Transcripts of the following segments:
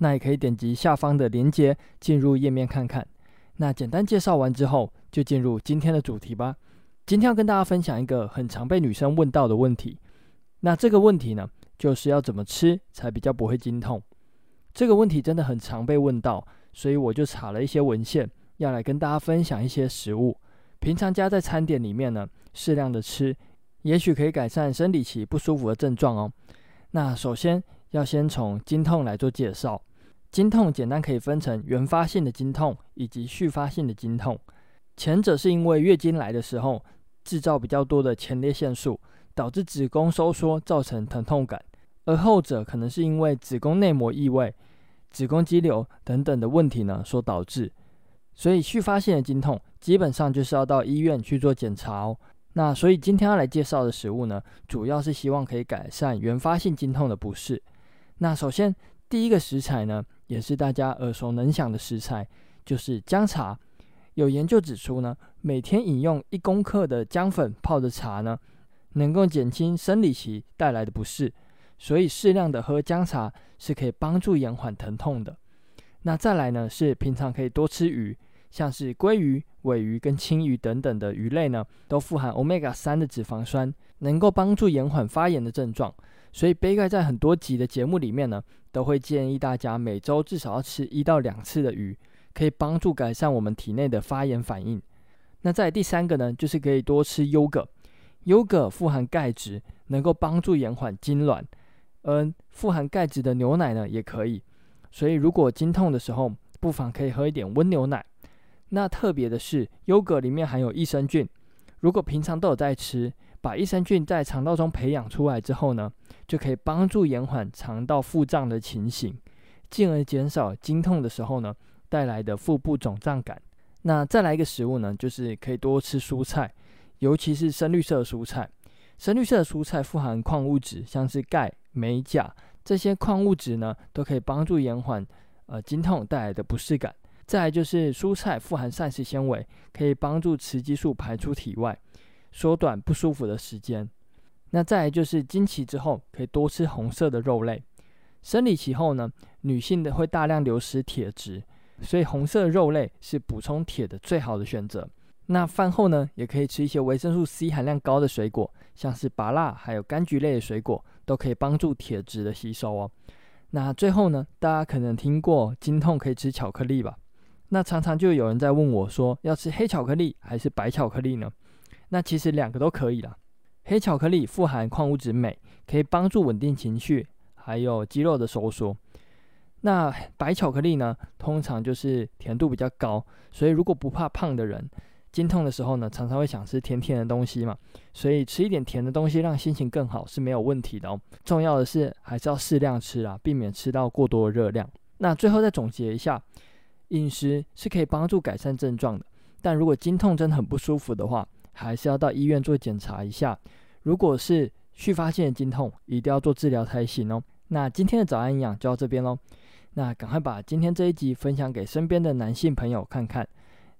那也可以點擊下方的鏈接進入頁面看看。那簡單介紹完之後，就進入今天的主題吧。今天要跟大家分享一個很常被女生問到的問題。那這個問題呢，就是要怎麼吃才比較不會經痛？這個問題真的很常被問到，所以我就查了一些文獻，要來跟大家分享一些食物。平常加在餐點裡面呢，適量的吃，也許可以改善生理期不舒服的症狀哦。那首先要先從經痛來做介紹。經痛簡單可以分成原發性的經痛以及續發性的經痛，前者是因為月經來的時候製造比較多的前列腺素，導致子宮收縮造成疼痛感，而後者可能是因為子宮內膜異位、子宮肌瘤等等的問題呢所導致，所以續發性的經痛基本上就是要到醫院去做檢查哦。那所以今天要來介紹的食物呢，主要是希望可以改善原發性經痛的不適。那首先第一個食材呢。也是大家耳熟能詳的食材，就是薑茶。有研究指出呢，每天飲用一公克的薑粉泡的茶呢，能夠減輕生理期帶來的不適，所以適量的喝薑茶是可以幫助延緩疼痛的。那再來呢，是平常可以多吃魚，像是鮭魚、鮪魚跟鯖魚等等的魚類呢，都富含歐米伽三的脂肪酸，能夠幫助延緩發炎的症狀。所以杯蓋在很多集的節目裡面呢。都會建議大家每周至少要吃一到兩次的魚，可以幫助改善我們體內的發炎反應。那在第三個呢，就是可以多吃優格，優格富含鈣質，能夠幫助延緩痙攣，而，富含鈣質的牛奶呢也可以。所以如果經痛的時候，不妨可以喝一點溫牛奶。那特別的是，優格裡面含有益生菌，如果平常都有在吃。把益生菌在腸道中培養出來之後呢，就可以幫助延緩腸道腹脹的情形，進而減少經痛的時候呢帶來的腹部腫脹感。那再來一個食物呢，就是可以多吃蔬菜，尤其是深綠色蔬菜。深綠色蔬菜富含礦物質，像是鈣、鎂、鉀這些礦物質呢，都可以幫助延緩呃經痛帶來的不適感。再來就是蔬菜富含膳食纖維，可以幫助雌激素排出體外。縮短不舒服的時間。那再就是經期之後，可以多吃紅色的肉類。生理期後呢，女性的會大量流失鐵質，所以紅色的肉類是補充鐵的最好的選擇。那飯後呢，也可以吃一些維生素 C 含量高的水果，像是芭樂，還有柑橘類的水果，都可以幫助鐵質的吸收哦。那最後呢，大家可能聽過經痛可以吃巧克力吧？那常常就有人在問我說，說要吃黑巧克力還是白巧克力呢？那其實兩個都可以啦。黑巧克力富含礦物質鎂，可以幫助穩定情緒，還有肌肉的收縮。那白巧克力呢，通常就是甜度比較高，所以如果不怕胖的人，經痛的時候呢，常常會想吃甜甜的東西嘛，所以吃一點甜的東西，讓心情更好是沒有問題的哦。重要的是還是要適量吃啊，避免吃到過多的熱量。那最後再總結一下，飲食是可以幫助改善症狀的，但如果經痛真的很不舒服的話，還是要到醫院做檢查一下。如果是續發性的經痛，一定要做治療才行哦。那今天的早安營養就到這邊嘍。那趕快把今天這一集分享給身邊的男性朋友看看。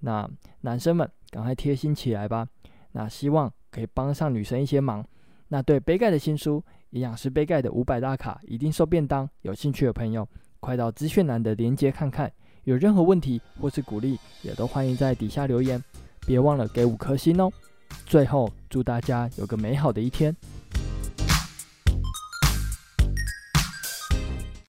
那男生們趕快貼心起來吧。那希望可以幫上女生一些忙。那對杯蓋的新書《營養師杯蓋的五百大卡一定瘦便當》，有興趣的朋友，快到資訊欄的連接看看。有任何問題或是鼓勵，也都歡迎在底下留言。別忘了給五顆星哦！最後祝大家有個美好的一天。